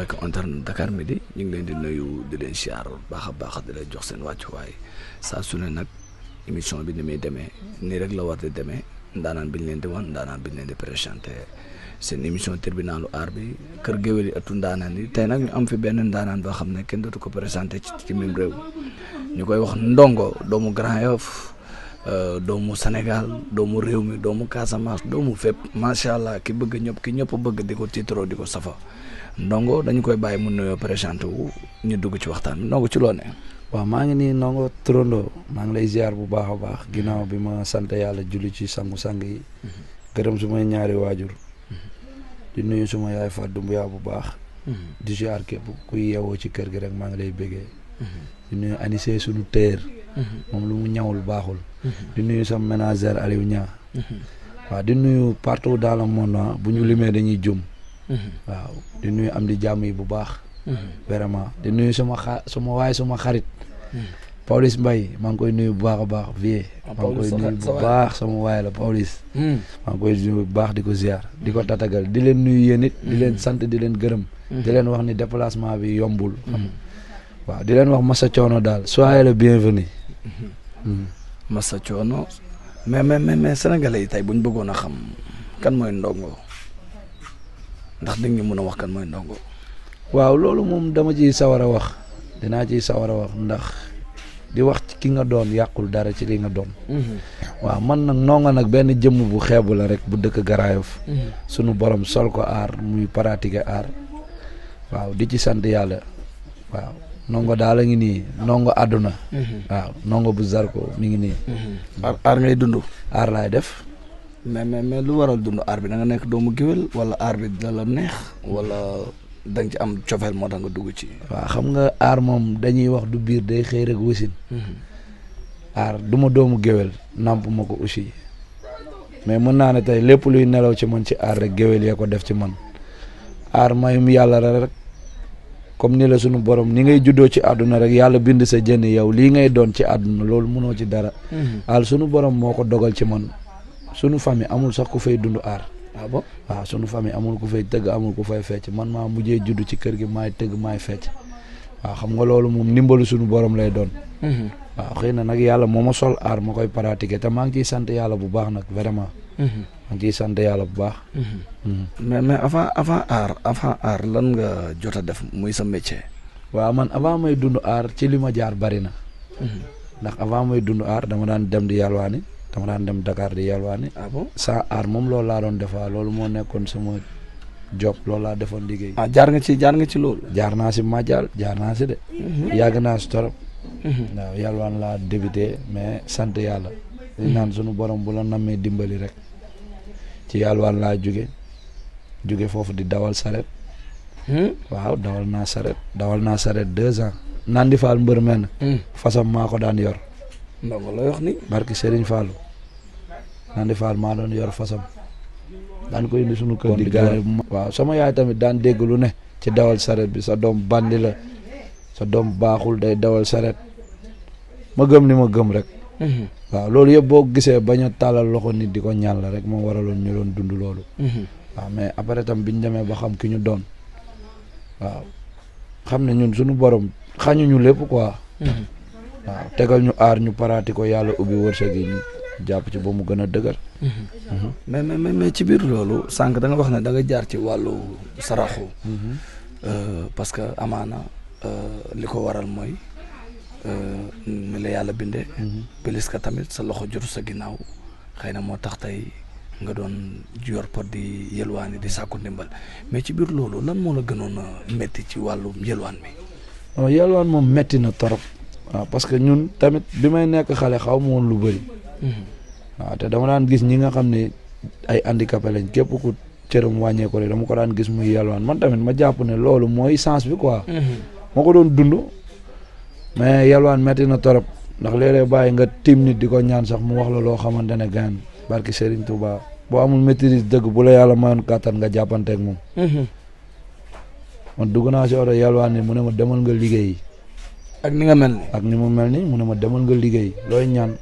mooy que on Dakar Midi ñu ngi leen di nuyu di baax baax di leen jox seen wàccuwaay saa su ne nag émission bi ni muy demee nii rek la war demee ndaanaan bi ñu leen di wan ndaanaan ñu leen di seen émission tribunalu aar bi kër géwél yi ëttu ndaanaan yi tey nag am fi benn ndaanaan boo xam ne kenn dootu ko présenté ci ci même réew ñu koy wax ndongo doomu Grand Yoff euh, doomu Sénégal doomu réew mi doomu Casamance doomu fépp macha allah ki bëgg ñëpp ki ñëpp bëgg di ko tiitaroo di ko safa ndongo dañu koy bàyyi mu nuyoo présenté wu ñu dugg ci waxtaan bi ndongo ci loo ne. waaw maa ngi nii ndongo turandoo maa ngi lay ziar bu baax a baax ginnaaw bi ma sant yàlla julli ci sangu-sang yi. Mm-hmm. gërëm may ñaari waajur. Mm-hmm. di nuyu suma yaay Fatou Dumbuya bu baax. Mm-hmm. di ziar képp kuy yeewoo ci kër gi rek maa ngi lay bëggee. di nuyu anisee sunu téer. moom lu mu ñawul baaxul. di nuyu sa ménagère Aliou Niang. waaw di nuyu partout dans le monde ah. bu ñu limee dañuy jum. Mm-hmm. waaw di nuyu am di jàmm yi bu baax. Mm-hmm. vraiment di nuyu sama xa suma waaye suma xarit. Mm-hmm. Pawlish mbay maa ngi koy nuyu bu baax a baax vie. Ah, maa ngi koy nuyu bu baax sama waay la Pawlish. maa bu baax di ko ziar di ko tatagal di leen nuyu yéen it. di leen sant di leen gërëm. di leen wax ni déplacement bi yombul. waaw di leen wax Massa Coono daal soyez le bienvenu. Massa Coono mais mais mais Sénégalais yi tey bu ñu bëggoon a xam kan mooy Ndongo. ndax dañ ñu a wax kan mooy Ndongo. waaw loolu moom dama ciy sawar a wax dinaa ciy sawar a wax ndax di wax ci ki nga doon yàqul dara ci li nga doon. Mhm. waaw man nag Ndongo nag benn jëmm bu xeebu la rek bu dëkk Garaayof. Mhm. sunu borom sol ko aar muy pratiquer aar waaw di ci sant yàlla waaw. ndongo daal a ngi nii ndongo àdduna. Mhm. waaw ndongo bu zarko mu ngi nii. aar ngay dund. aar laay def. mais mais mais lu waral dund aar bi danga nekk doomu géwél wala aar bi da neex wala da ci am cofeel moo tax nga dugg ci. waaw xam nga aar moom dañuy wax du biir day xëy rek wasin aar du doomu géwél nàmp ma ko aussi mais mën naa ne tey lépp luy nelaw ci man ci aar rek géwél yee ko def ci man aar mayum yàlla rek comme ni la sunu borom ni ngay juddoo ci àdduna rek yàlla bind sa jënn yow lii ngay doon ci àdduna loolu mënoo ci dara. Mhm. aar sunu borom moo ko dogal ci man. sunu famille amul sax ku fay dund aar. ah bon waaw ah, sunu famille amul ku fay tëgg amul ku fay fecc man maa mujjee juddu ci kër gi maay tëgg maay fecc waaw ah, xam nga loolu moom ndimbalu sunu borom lay doon. waaw mhm. ah, xëy na nag yàlla moo ma sol aar ma koy pratiquer te maa ngi ciy sant yàlla bu baax nag vraiment. Mhm. maa ngi sant yàlla bu baax. Mhm. mais mais avant avant aar avant lan nga jot a def muy sa métier. waaw man avant may dund aar ci li ma jaar bari na. ndax avant may dund aar dama daan dem di yàlwaani dama daan dem Dakar di yalwaani ah bon sans moom loolu laa doon defaa loolu moo nekkoon sama job loolu laa defoon liggéey. ah jaar nga ci jaar nga ci loolu. jaar naa si Madial jaar naa de. Mhm. yàgg naa si torop. Mhm. waaw yalwaan laa débuté mais sant yàlla. di mhm. sunu borom bu la nammee dimbali rek. ci yalwaan laa jóge jóge foofu di dawal saret. Hmm? waaw dawal naa saret dawal naa saret deux ans. naan di faal mbër mel. Hmm. fasam maa ko daan yor. ndongo lay wax ni barki Serigne Fallou Nandi Fall maa doon yor fasam daan ko indi suñu kër di gaare waaw sama yaay tamit daan dégg lu ne ci dawal saret bi sa doom bandi la sa doom baaxul day dawal saret ma gëm ni ma gëm rek mhm. waaw loolu yëpp boo gisee bañ a tàllal loxo nit di ko ñaan la rek moo waraloon ñu doon dund loolu mhm. waaw mais après tam biñ demee ba xam ki ñu doon waaw xam ne ñun suñu borom xañuñu lépp quoi mhm. waaw tegal ñu aar ñu paraati ko yàlla ubbi wërsëg yi jàpp ci ba mu gën a dëgër. Mm-hmm. mais mais mais ci biir loolu sànq da wax na da jaar ci wàllu saraxu. Mm-hmm. Euh, parce que amaana euh, li ko waral mooy euh, ni la yàlla bindee. Mm-hmm. plus que tamit sa loxo jotu sa ginnaaw xëy na moo tax tey nga doon yor pot di yelwaani di sàkku ndimbal mais ci biir loolu lan moo la gënoon a métti ci wàllu yelwaan mi. yelwaan moom métti na torop waaw parce que ñun tamit bi may nekk xale xaw ma woon lu bëri. Mhm. waaw te dama daan gis ñi nga xam ne ay handicapé lañ képp ku cëram wàññeeku rek ko daan gis muy yalwaan man tamit ma jàpp ne loolu mooy sens bi quoi. Mhm. ma ko doon dund. mais yalwaan metti na torop ndax léeg-léeg bàyyi nga tiim nit di ko ñaan sax mu wax la loo xamante ne gaan barki Serigne Touba boo amul maîtrise dëgg bu la yàlla man kàttan nga jàppanteeg moom. Mhm. man dugg naa si oto yalwaan ni mu demal nga liggéeyi. ak ni nga mel ak ni mu mel ni mu ne ma demal nga liggéey looy ñaan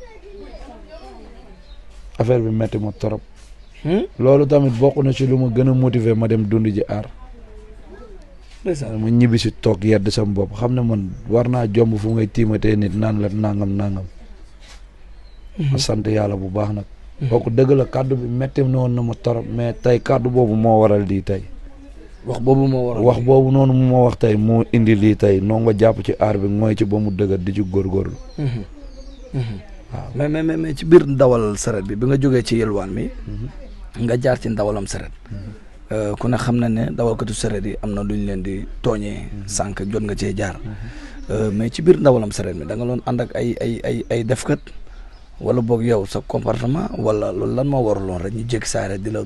affaire bi metti ma torop hmm? loolu tamit bokk na ci lu ma gën a motiver ma dem dund ji aar ma ñibbi si toog yedd sama bopp xam ne man war naa jomb fu ngay tiimatee nit naan la nangam nangam hmm. ma sant yàlla bu baax nag bokk hmm. dëgg la kàddu bi metti na woon na ma torop mais tey kàddu boobu moo waral di tey wax boobu moo wax boobu noonu mu ma wax tey moo indi lii tey nongo jàpp ci aar bi mooy ci ba mu dëgër di ci góorgóorlu. Mhm. Mhm. waaw mais mais mais ci biir ndawal saret bi bi nga jógee ci yelwaan mi. Mhm. nga jaar ci ndawalam saret. Euh, ku ne xam na ne dawalkatu saret yi am na lu ñu leen di tooñee. sànq jot nga cee jaar. Euh, may ci biir ndawalam saret mi danga loon doon ànd ak ay ay ay defkat. wala boog yow sa comportement wala loolu lan moo waraloon rek ñu jékki saa rek di la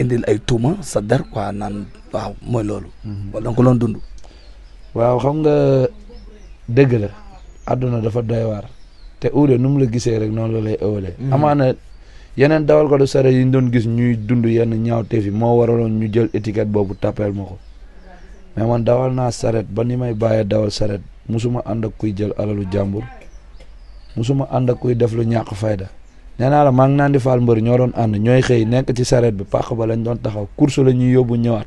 indil ay tuuma sa der quoi naan. waaw mooy loolu. wala nga mhm. ko doon dund. waaw xam nga dëgg la àdduna dafa doy waar te uude nu mu la gisee rek noonu la lay ëwalee. Mhm. amaana yeneen dawal ko du sare yi ñu doon gis ñuy dund yenn ñaawteef yi moo waraloon ñu jël étiquette boobu tàppeel ma ko mais man dawal naa saret ba ni may bàyyee dawal saret musuma ànd ak kuy jël alalu jàmbur musuma ànd ak kuy def lu ñàkk fayda. nee naa la maa ngi naan di faal mbër ñoo doon ànd ñooy xëy nekk ci saret bi pàq ba lañ doon taxaw course la ñuy yóbbu ñëwaat.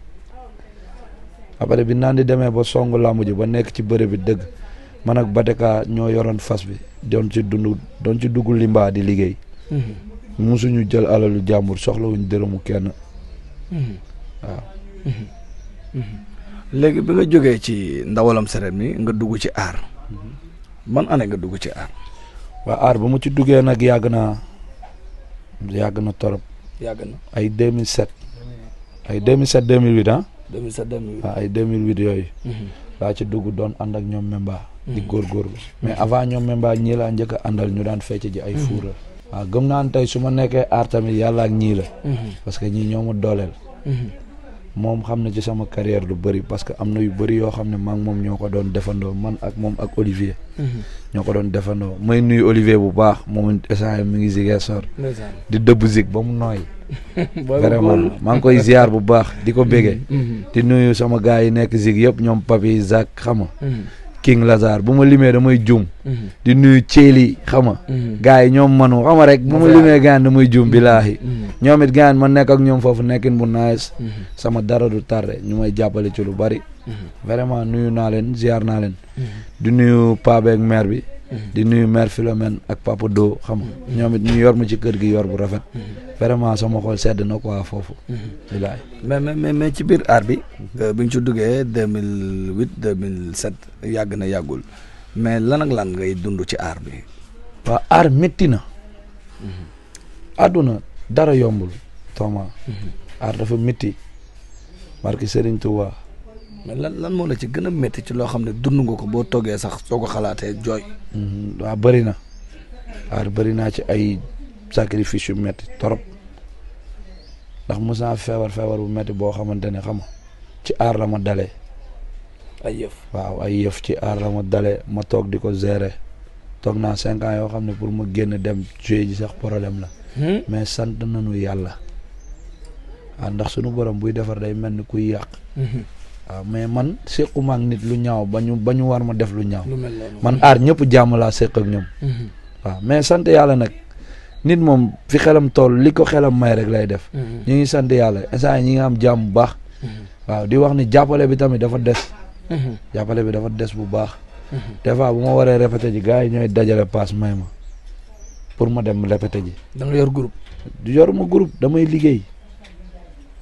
après bi naan di demee ba songu laa ji ba nekk ci bëre bi dëgg man ak Bateka ñoo yoroon fas bi doon ci dund doon ci dugg limbaa di liggéey. Mm-hmm. musuñu jël alalu jàmbur soxlawuñ dërëmu kenn. Mm-hmm. waaw. Mm-hmm. léegi bi nga jógee ci ndawalam seret mi nga dugg ci aar. man année nga dugg ci aar. waa aar ba mu ci duggee nag yàgg na yàgg na torop. yàgg na ay 2007. ay 2007 2008 ah. 2007 2008 waaw ay 2008 yooyu. Mhm. laa ci dugg doon ànd ak ñoom Memba. di mhm. góor mhm. mais avant ñoom Memba ñii laa njëkk a àndal ñu daan fecc ji ay fuura. waaw gëm naa ne tey su ma nekkee aar tamit yàlla ak ñii la. parce que ñii ñoo ma dooleel. moom xam na ci sama carrière lu bëri parce que am na yu bëri yoo xam ne maa ngi moom ñoo ko doon defandoo man ak moom ak Olivier. ñoo ko doon defandoo may nuyu Olivier bu baax moom instant mi ngi Ziguinchor. di dëbb zig ba mu nooy. vraiment maa ngi koy ziar bu baax di ko bégge mm-hmm. mm-hmm. di nuyu sama gars yi nekk zig yëpp ñoom papi Zak xama mm-hmm. King Lazar bu ma limee damay juum di nuyu Thieli xama gars yi ñoom manu xama rek bu ma limee gaan damay juum bilaahi ñoom it gaan ma nekk ak ñoom foofu nekkin bu nice sama dara du tarde ñu may jàppale ci lu bari vraiment nuyu naa leen ziar naa leen di nuyu paabeeg maire bi di nuyu mère Philomène ak papa Do xam nga mm-hmm. ñoom ñu yor ma ci kër gi yor bu rafet. Mm-hmm. vraiment sama xol sedd na quoi foofu. Mm-hmm. bilaay mais mais mais ci biir aar bi. Euh, bi ñu ci duggee deux mille huit deux mille sept yàgg na yàggul mais lan lan ngay dund ci aar bi. waaw aar métti na. àdduna dara yombul. Thomas. aar dafa métti. barke Serigne Touba. mais lan lan moo la ci gën a métti ci loo xam ne dund nga ko boo toggee sax soo ko xalaatee jooy. Mm-hmm. waa bëri na waaw naa ci ay sacrifice yu métti torop ndax mos naa feebar feebar bu métti boo xamante ne xam ci aar la ma dale ay yëf waaw ay yëf ci aar la ma dalee ma toog di ko gérer toog naa cinq yoo xam ne pour ma génn dem joué ji sax problème la. Hmm? mais sant nañu yàlla. ndax sunu borom buy defar day mel ni yàq. Hmm. waaw mais man séquma ak nit lu ñaaw ba ñu ba ñu war ma def lu ñaaw man aar ñëpp jàmm laa séq ak ñoom mhm. waaw mais sant yàlla nag nit moom fi xelam tool li ko xelam may rek lay def mhm. ñu ngi sant yàlla instant ñi nga am jàmm bu baax mhm. waaw di wax ni jàppale bi tamit dafa des jàppale bi dafa des bu baax te fois bu ma waree répété ji gars yi ñooy dajale paas may ma pour ma dem répété ji yor group yor groupe yoruma groupe damay liggéey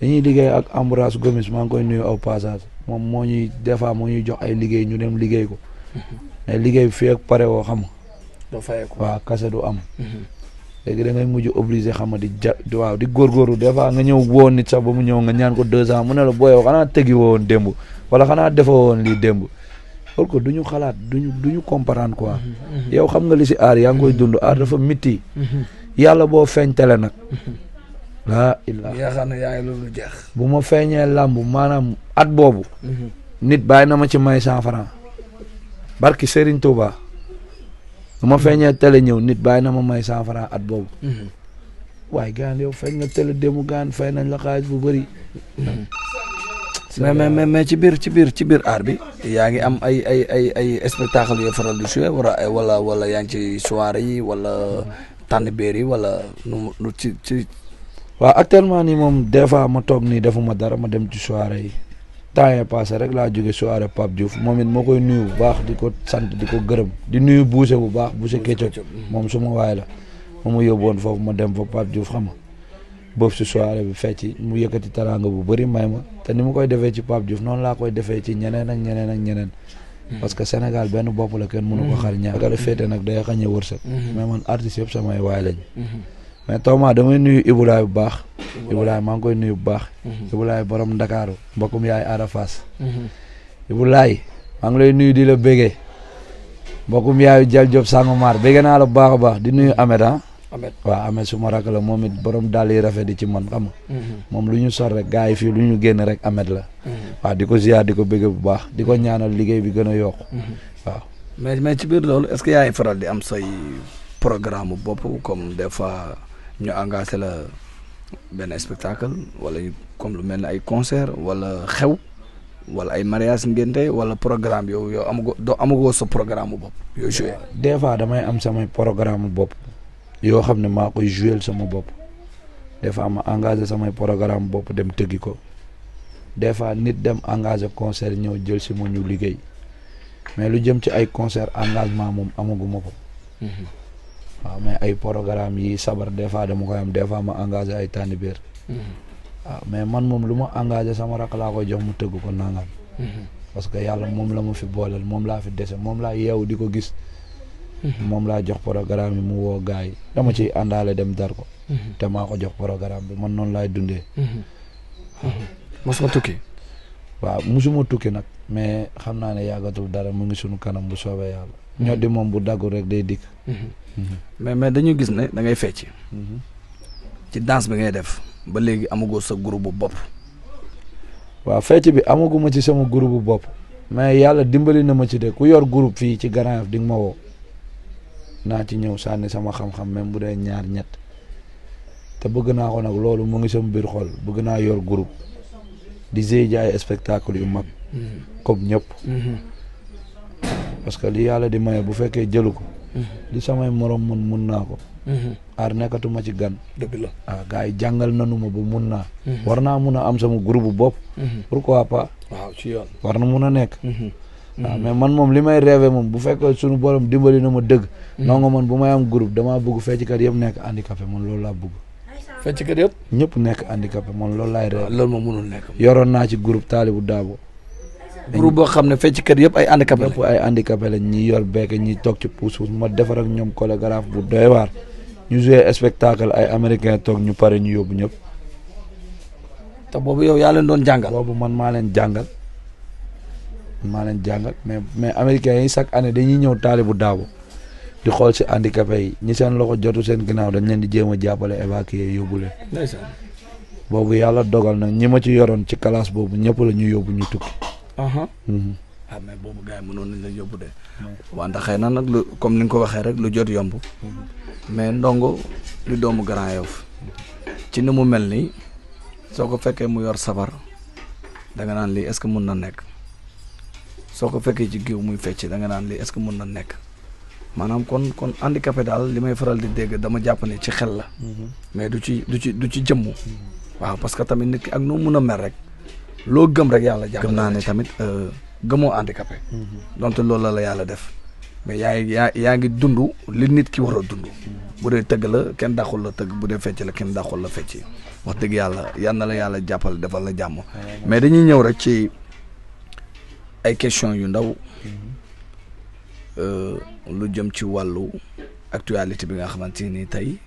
dañuy liggéey ak Ambroise Gomis maa ngi koy au passage moom moo ñuy des fois moo ñu jox ay liggéey ñu dem liggéey ko mais liggéey fii pare woo xam nga waaw kase du am mm-hmm. léegi da ngay mujj xam nga di ja waaw di góorgóorlu des fois nga ñëw woo nit sax ba mu ñëw nga ñaan ko deux ans mu ne la booy booyoo xanaa tegi woon démb wala xanaa defa woon lii démb loolu ko du ñu xalaat du ñu comprendre quoi mm-hmm. Mm-hmm. yow xam nga li aar yaa koy dund aar dafa mitti yàlla boo feeñ tele nag laa illah yaa xam ne bu ma feeñee làmb maanaam at boobu. Mhm. nit baa na ma ci may cent franc. barki Serigne Touba. bu ma feeñee télé ñëw nit baa na ma may cent franc at boobu. Mhm. waaye gaan yow feeñ na télé démb gaan fay nañ la xaalis bu bëri. Mhm. mais mais mais ci biir ci biir ci biir aar bi. yaa ngi am ay ay ay ay yoo faral di jouer wala wala yaa ngi ci soirée yi wala tànn beer yi wala nu ci ci. waaw actuellement nii moom des fois ma toog nii defuma dara ma dem ci soirée yi temps yi rek laa jóge soirée Pape Diouf moom it moo koy nuyu bu baax di ko sant di ko gërëm di nuyu buuse bu baax buuse Kécog moom suma waaye la ma ma yóbboon foofu ma dem fa Pape Diouf xam nga boobu si soirée bi fecci mu yëkkati taraanga bu bari may ma te ni mu koy defee ci Pape Diouf noonu laa koy defee ci ñeneen ak ñeneen ak hmm. parce que Sénégal benn bopp la kenn mënu ko hmm. xar ñaar. Hmm. féete nag day xañee wërsëg. mais man artistes yëpp samay waay lañ. mais Toma damay nuyu Ibulaay bu baax. Ibulaay maa ngi koy nuyu bu baax. Mhm. Ibulaay borom Ndakaaru mbokkum yaay Ada Fass. Mhm. Ibulaay di la bégee mbokkum yaayu Jal Diop Sangomar bégee naa la bu baax baax di nuyu Ahmed ah. su waaw Ahmed suma rakk la moom it borom i yi rafet di ci man xam mhm. moom lu ñu sor rek gars fii lu ñu génn rek Ahmed la. waaw di ko ziar di bu baax di ko ñaanal liggéey bi gën a yokku. waaw mais mais ci biir loolu est-ce que faral di am say programme bopp comme des fois. ñu engagé la benn spectacle wala comme lu mel ne ay concert wala xew wala ay mariage ngénte wala programme yow yow amagoo doo amagoo sa programme bu bopp yow joué. des fois damay am samay programme bopp yoo xam ne maa koy joué sama bopp des fois ma engagé samay programme bopp dem tëggi ko des fois nit dem engagé concert ñëw jël si ma ñu liggéey mais lu jëm ci ay concert engagement moom amaguma ko. Mhm. waaw mais ay programme yi sabar des fois dama koy am des fois ma engagé ay tànnibeer mhm. waaw mais man moom lu ma engagé sama rakk laa koy jox mu tëgg ko nangam. Mhm. parce que yàlla moom la mu fi booleel moom laa fi dese moom laa yeewu di ko gis. Mhm. moom laa jox programme yi mu woo gars yi dama ciy àndaale dem dar ko. te maa ko jox programme bi man noonu laay dundee. mos nga tukki. waaw mosuma tukki nag mais xam naa ne yàggatul dara mu ngi sunu kanam bu soobee yàlla. ñoddi mais mais dañu gis ne da ngay fecc mhm. ci dance bi ngay def ba léegi amagoo sa groupe bu bopp waaw fecc bi amaguma ci sama groupe bu bopp mais yàlla dimbali na ma ci de ku yor groupe fii ci Grand Yoff di nga ma woo naa ci ñëw sànni sama xam-xam même bu dee ñaar ñett te bëgg naa ko nag loolu mu ngi sama biir xol bëgg naa yor groupe di géy jaay spectacle yu mag mhm. comme ñëpp mhm. parce li yàlla di maye bu fekkee jëlu ko li samay morom mun mun naa ko mhm. aar nekkatuma ci gan dëgg la waaw ah, gars yi jàngal ma ba mun naa mhm. war naa mun a am sama groupe bu bop mhm. pas waaw a yoon war na mun a nekk waaw ah, man moom li may rêvé moom bu fekkee sunu borom dimbali na ma dëgg nonga man bu may am groupe damaa bëgg fecckat yëpp nekk handicapé man loolu laa bëgg fecckat yëpp ñëpp nekk handicapé man loolu laay rêvé loolu moom mënul naa ci groupe taalibu daabo groupe boo xam ne fecckat yëpp ay handicapé yëpp ay handicapé lañ ñi yor beek ñi toog ci puus puus ma defar ak ñoom chorégraphe bu doy waar ñu joué spectacle ay américain toog ñu pare ñu yóbbu ñëpp te boobu yow yaa leen doon jàngal boobu man maa leen jàngal maa leen jàngal mais mais américains yi chaque année dañuy ñëw taalibu daabu di xool si handicapé yi ñi seen loxo jotu seen ginnaaw dañ leen di jéem a jàppale évacuer yóbbu leen boobu yàlla dogal na ñi ma ci yoroon ci classe boobu ñëpp la ñu yóbbu ñu tukki Mhm. ah mais boobu gars yi mhm. mënoon nañ la yóbbu de. wante xëy nan nag lu comme ni nga ko waxee rek lu jot yomb. Mhm. mais ndongo lu doomu Grand Yoff ci ni mu mel nii soo ko fekkee mu yor sabar da nga naan lii est-ce que mun na nekk soo ko fekkee ci giw muy fecc da naan lii est-ce que mun na nekk maanaam kon kon handicapé daal li may faral di dégg dama jàpp ne ci xel la. mais du ci du ci du ci jëmm. waaw parce que tamit nit ki ak noo mun a mel rek. loo gëm rek yàlla jàpp gëm naa ne tamit euh, gëmoo handicapé mhm. donte loolu la yàlla def mais yaa yaa yaa ngi dund li nit ki war a dund bu dee tëgg la kenn dàqul la tëgg bu dee fecc la kenn dàqul la fecc wax dëgg yàlla yal la yàlla jàppal defal la jàmm mais dañuy ñëw rek ci ay question yu ndaw mhm. euh, lu jëm ci wàllu actualité bi nga xamante ni tey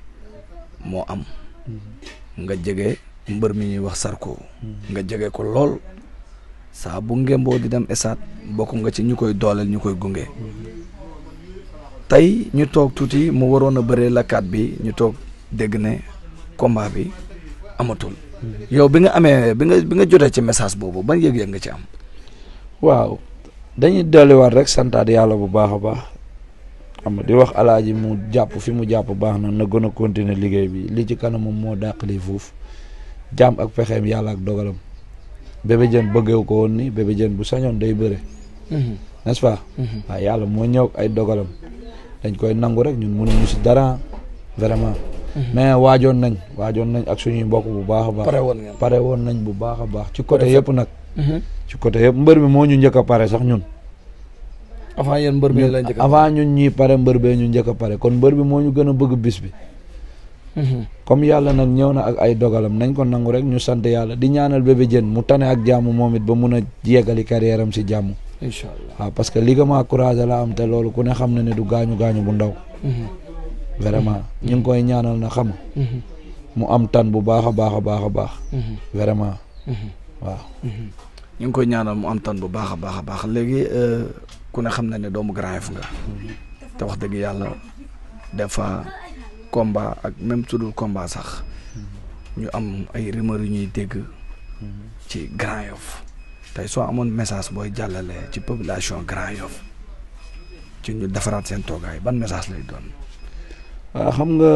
moo am mhm. nga jege mbër mi ñuy wax Sarko. nga jege ko lool saa bu ngemboo di dem esaat bokk nga ci ñu koy dooleel ñu koy gunge. tey ñu toog tuuti mu waroon a bëree lakkaat bi ñu toog dégg ne combat bi amatul. yow bi nga amee bi nga bi nga jotee ci message boobu ban yëg-yëg nga ci am. waaw dañuy dolliwaat rek santaat yàlla bu baax a baax. xam nga di wax alaaji mu jàpp fi mu jàpp baax na na gën a continuer liggéey bi li ci kanam moo dàq lii foofu jaam ak pexeem yàlla ak dogalam Bébé Diène bëggeew ko woon ni Bébé bu sañoon day bëre mhm. n'est-ce pas waaw mhm. ah, yàlla moo ñëw ay dogalam dañ koy nangu rek ñun mënuñu si dara vraiment mhm. mais waajoon nañ waajoon nañ ak suñuy mbokk bu baax a baax pare woon nañ bu baax a baax ci côté yëpp nag ci côté yëpp mbër bi moo ñu njëkk pare sax ñun avant yéen mbër bi lañ njëkk avant ñun ñii pare mbër bee ñu njëkk pare kon mbër bi moo ñu gën a bëgg bis comme yàlla nag ñëw na ak ay dogalam nañ ko nangu rek ñu sant yàlla di ñaanal bébé jën mu tane ak jàmm moom it ba mun a yeggali carrière si jàmm. waaw parce que ligament croisé la am te loolu ku ne xam na ne du gaañu gaañu bu ndaw. Mm-hmm. vraiment mm-hmm. ñu ngi koy ñaanal na xam. Mm-hmm. mu am tan bu baax a baax a baax a baax. vraiment. waaw. ñu ngi koy ñaanal mu am tan bu baax a baax a baax léegi euh, ku ne xam na ne doomu Grand Yoff nga. te wax dëgg yàlla des fois combat ak même dul combat sax ñu am ay rumeur yu ñuy dégg ci Grand Yoff tey soo amoon message booy jàllale ci population Grand Yoff ci ñu defaraat seen toogaay ban message lay doon waaw ah, xam nga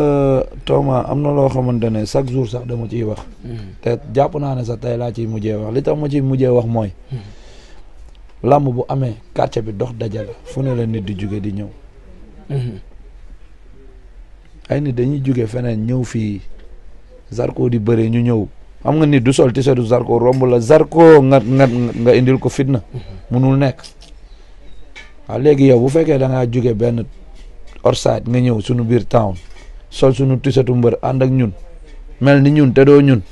Thomas am na loo xamante ne chaque jour sax dama ciy wax hmm. te jàpp naa ne sax tey laa ciy mujjee wax li tax ma ciy mujjee wax mooy hmm. làmb bu amee quartier bi dox dajale fu ne la nit di jóge di ñëw hmm. ay nit dañuy jóge feneen ñëw fii Zarko di bëre ñu ñëw am nga nit du sol tisetu seetu Zarko romb la Zarko nga nga nga indil ko fitna munul nekk waaw léegi yow bu fekkee da ngaa jóge benn orsad nga ñëw sunu biir town sol sunu tisetu mbër ànd ak ñun mel ni ñun te doo ñun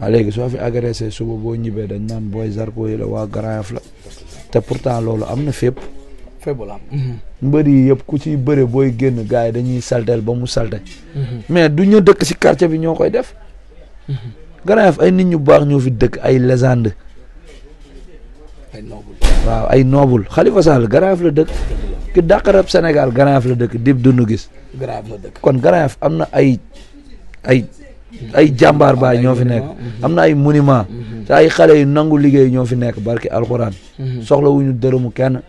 a léegi soo fi agressé suba boo ñibbee dañ naan booy Zarko yi la waa Grand Yoff la te pourtant loolu am na fépp feebu lamb mhm. mbër yi yëpp ku ci bëre booy génn gars yi dañuy saltel ba mu salte mhm. mais du dëkk si quartier bi ñoo koy def mhm. garaaf ay nit ñu baax ñoo fi dëkk ay légende ay noble waaw ay noble Khalifa Sall garaaf la dëkk ki senegal Sénégal garaaf la dëkk dib dunu gis garaaf la dëkk kon garaaf am na ay ay ay jàmbaar baay ñoo fi nekk am na ay monument te ay xale nangu liggéey ñoo fi nekk barki alxuraan soxla wuñu dërëmu kenn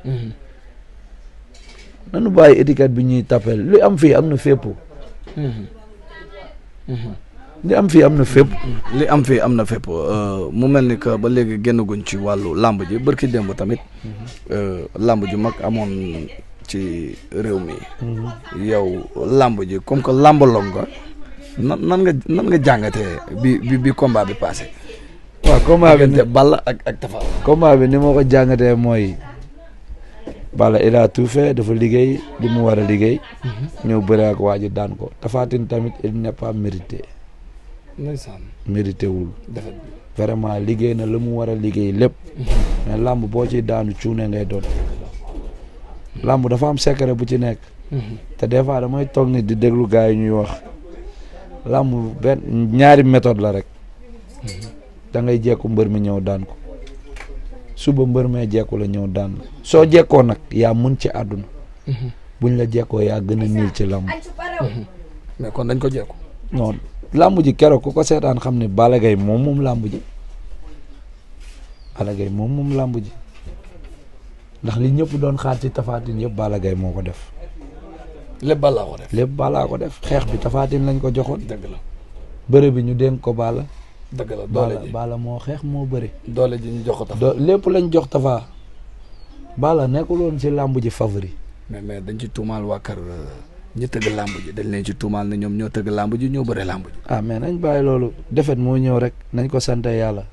nanu bàyyi étiquette bi ñuy tappel li am fii am na fépp li am fii am na fépp am fii am na fépp euh, mu mel ni que ba léegi génnaguñ ci wàllu làmb ji bërki démb tamit euh, làmb ju mag amoon ci réew mi yow làmb ji comme que làmbaloon nga nan nan nga nan nga jàngatee bi bi bi combat bi passé ni ma ko jàngatee mooy Balla il a tout fait dafa liggéey li mu war a liggéey. Mhm. ñëw bëre ak waa ji daan ko Tapha Tine tamit il n'est pas mérité. ndeysaan vraiment liggéey na la mu war a liggéey lépp. Mhm. mais làmb boo ci daanu cuune ngay doon. làmb dafa am secret bu ci nekk. Mhm. te des fois damay toog ni di déglu gars yi ñuy wax. làmb benn ñaari méthode la rek. da ngay jekku mbër mi ñëw daan ko. suba mbër mee jekku la ñëw daan soo jekkoo nag yaa mën ci àdduna mhm. buñ la jekkoo yaa gën a niil ci làmb mhm. mais kon dañ ko jekku non làmb ji keroog ko ko seetaan xam ne Balla moom moom làmb ji Balla moom moom làmb ji ndax li ñëpp doon xaar ci tafaatin yëpp Balla moo ko def lépp Balla ko def lépp Balla ko def xeex bi tafaatin lañ ko joxoon dëgg la bëre bi ñu dénk ko Balla dëgg la doole moo xeex moo bëri. doole ji ñu jox ko Tapha. lépp lañ jox Tapha. Balla nekkul woon si làmb ji favori. mais mais dañ ci tuumaal waa kër euh, ñi tëgg làmb ji dañ leen ci tuumaal ne ñoom ñoo tëgg làmb ji ñoo bëri làmb ji. ah mais nañ bàyyi loolu defet moo ñëw rek nañ ko sante yàlla.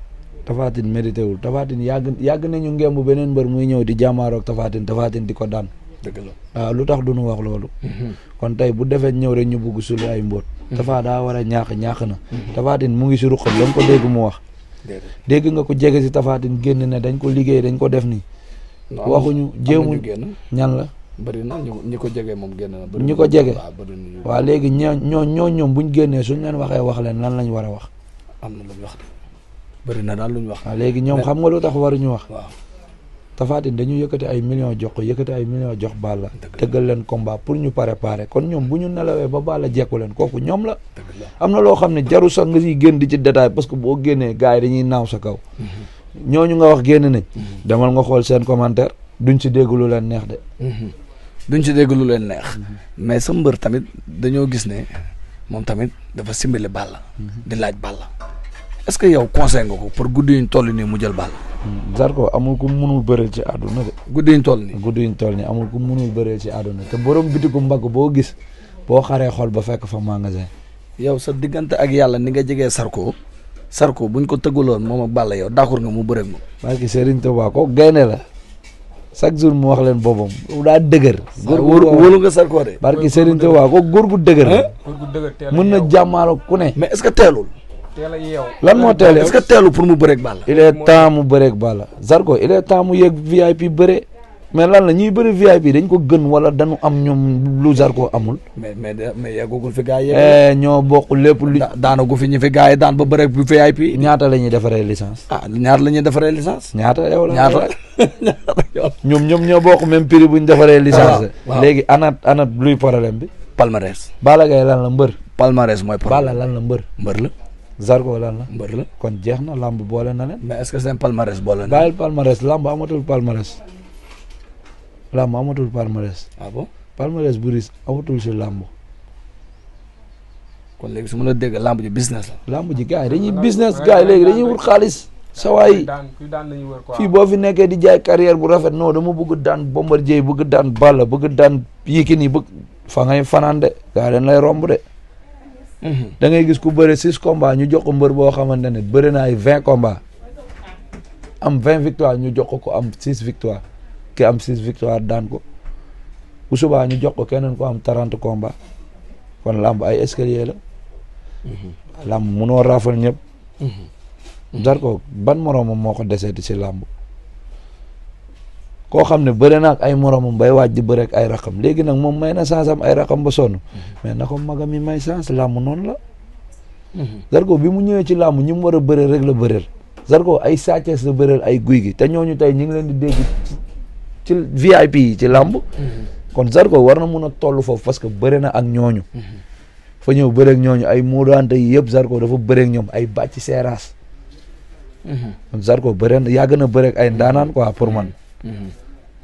Tapha Tine wul Tapha Tine yàgg yàgg nañu ngemb beneen mbër muy ñëw di jàmmaaroog Tapha Tine Tapha Tine di ko daan. dëgg waaw lu tax du ñu wax loolu. Mhm. kon tey bu defee ñëw rek ñu bugg sulu ay mbóot. Mhm. Tapha daa war a ñaax ñaax na. Mhm. Tapha Tine mu ngi si ruqam la nga ko dégg mu wax. dégg nga ko jege si Tapha Tine génn ne dañ ko liggéey dañ ko def nii. waxuñu jéemu ñan la. bëri na ñi ko jege moom génn na. ñi ko jege waaw léegi ñoo ñoo ñoo ñoom buñ génnee suñ leen waxee wax leen lan lañ war a wax. am na lu ñu wax na daal lu ñu wax. waaw léegi ñoom xam nga lu tax waruñu wax. Tafaatine dañu yëkkati ay million jox ko yëkkati ay millions jox Balla. tëggal leen combat pour ñu préparer kon ñoom bu ñu nelawee ba Balla jekku leen kooku ñoom la. am na loo xam ne jaru sax nga siy génn di ci détail parce que boo génnee gars yi dañuy naaw sa kaw. ñoo ñu nga wax génn nañ. demal nga xool seen commentaire duñ si dégg lu leen neex de. duñ si dégg lu leen neex. mais sa mbër tamit dañoo gis ne moom tamit dafa simbali la di laaj la est-ce que yow conseil ko pour guddi yuñ toll mu jël baal. Zarko amul ku munul bëree ci àdduna de. guddi yuñ toll nii guddi yuñ toll nii amul ku munul bëree ci àdduna te borom bitiku mbagg boo gis boo xaree xol ba fekk fa magasin. yow sa diggante ak yàlla ni nga jegee sarko Zarko buñ ko tëggaloon moom ak Balla yow d'accord nga mu bëreeg moom. parce que Serigne ko gaynde la chaque jour mu wax leen boppam daa dëgër. góor gu wóolu nga Zarko de. parce que Serigne Touba ko góor gu dëgër. góor gu dëgër mën na jàmmaaroo ku ne. mais est que teelul. teel a yeew lan moo teel que teelu pour mu bëreeg Balla. il est temps mu bëreeg Balla Zarko il est yeg mu yegg VIP bëre. mais lan la ñuy bëri VIP dañ ko gën wala dañu am ñoom lu Zarko amul. mais mais mais yeggagul fi gars yi. Eh, ñoo bokk lépp lu. daanagu fi ñu fi gars yi daan ba bëreeg bu VIP. ñaata la ñuy defaree licence. ah ñaata la ñuy defaree licence. ñaata yow la ñoom ñoom ñoo bokk même prix bu ñu defaree licence. Ah, léegi ana ana luy problème bi. palmarès. Balla Gaye lan la mbër. palmarès mooy problème Balla lan la mbër. mbër la. Zarko lan la. kon jeex na lamb boole na leen. mais est-ce que seen palmarès boole na. bàyyil palmarès lamb amatul palmarès. lamb amatul palmarès. ah bon palmarès bu riis amatul si lamb. kon su ma la dégg lamb ji business la. lamb ji gars yi dañuy business gars yi léegi dañuy wut xaalis. sa waay boo fi nekkee di jaay carrière bu rafet non dama bëgg daan Bombardier bëgg daan Balla bëgg daan Yékini bëgg fa ngay fanaan de gars yi dañ de. Mm-hmm. da ngay gis ku bëre six combats ñu jox ko mbër boo xamante ne bëri na ay vingt combats am vingt victoire ñu jox ko ko am six victoire ki am six victoire daan ko bu subaa ñu jox ko keneen ko am tarant combats kon làmb ay escalier la. Mm-hmm. làmb munoo raafal ñëpp. Mm-hmm. ko ban moroomam moo ko deseeti ci làmb. koo xam ne bëre na ay moromam mbay waaj di bëre ak ay rakam léegi nag moom may na chance ay rakam ba sonn mais na ko magam mi may chance làmb noonu la Zarko bi mu ñëwee ci làmb ñi mu war a bëreel rek la bëreel Zarko ay sàccees la bëreel ay guy gi te ñooñu tey ñu ngi leen di dégg ci VIP yi ci làmb kon Zarko war na mun a toll foofu parce que bëre na ak ñooñu fa ñëw bëreeg ñooñu ay muudaante yi yëpp Zarko dafa bëreeg ñoom ay bàcc seeraas mhm. kon Zarko bëre na yàgg na bëreeg ay ndaanaan man mhm.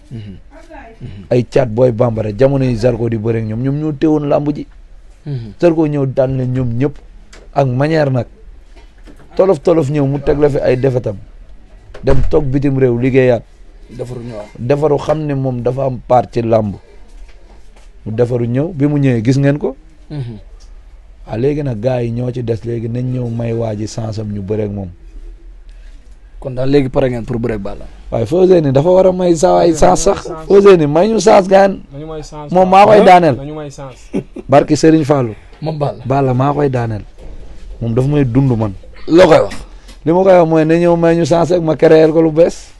Mm-hmm. ay caat booy bambara jamono yi Zarko di bëreeg ñoom ñoom ñoo teewoon làmb ji. Mm-hmm. Zarko ñëw daan leen ñoom ñëpp ak manière nag tolof tolof ñëw mu teg la fi ay defetam dem toog bitim réew liggéeyaat. defaru defaru xam ne moom dafa am part ci làmb mu defaru ñëw bi mu ñëwee gis ngeen ko. Mm-hmm. ah léegi nag gars yi ñoo ci des léegi nañ ñëw may waa ji sansam ñu bëreeg moom. kon daal léegi pare ngeen pour bëreeg Balla. waaye Fawzeyni dafa war a may saa waay sens sax Fawzeyni may ñu sens gaan. moom maa koy daaneel. barki Serigne Fallou. moom Balla Balla maa koy daaneel. moom dafa may dund man. loo koy wax. li ma koy wax mooy na ñëw may ñu sens ma créer ko lu bees.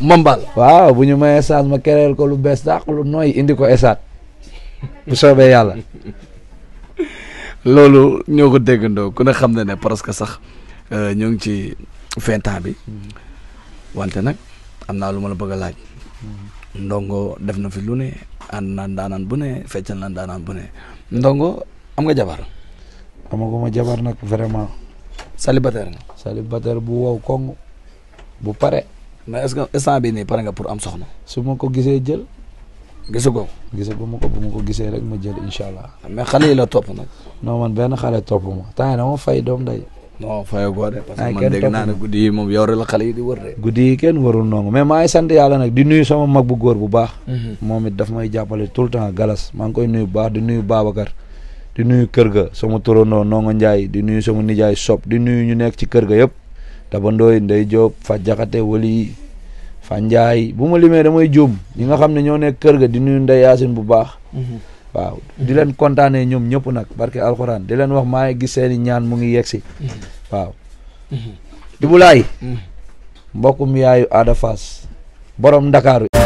mam Balla. waaw bu ñu mayee sens ma créer ko lu bees dàq lu nooy indi ko esaat. bu soobee yàlla. loolu ñoo ko déggandoo ku ne xam na ne parce que sax euh, ñoo ngi ci. vingt ans bi wante nag am naa lu ma la bëgg a laaj ndongo def na fi lu ne ànd naan daanaan bu ne feccal naan daanaan bu ne ndongo am nga jabar ma jabar nag vraiment célibataire nga célibataire bu wow koŋ bu pare mais est-ce bi nii pare nga pour am soxna su ma ko gisee jël gisu ko gisaguma ko bu ma ko gisee rek ma jël incha allah mais xale yi la topp nag non benn xale topp ma temps na ma fay doom day non fayagoo de parce que naa ne guddi yi moom yow la yi di wër de. yi kenn warul noonu mais maa ngi sant yàlla nag di nuyu sama mag bu góor bu baax. Mhm. moom it daf may jàppale tout le temps galas maa ngi koy nuyu bu baax di nuyu Babacar. di nuyu kër ga sama turandoo Ndongo Ndiaye di nuyu sama nijaay Sob di nuyu ñu nekk ci kër ga yëpp. tabandooy Ndey Diop fa jaxate wali fa Ndiaye bu ma limee damay juum ñi nga xam ne ñoo nekk kër ga di nuyu Ndey Yaasin bu baax. Mhm. waaw di leen kontaanee ñoom ñëpp nag barke alxuraan di leen wax maa ngi gis seeni ñaan mu ngi yegsi mm-hmm. waaw di mm-hmm. bulaay mm-hmm. mbokkum yaayu Ada Fass borom Ndakaaru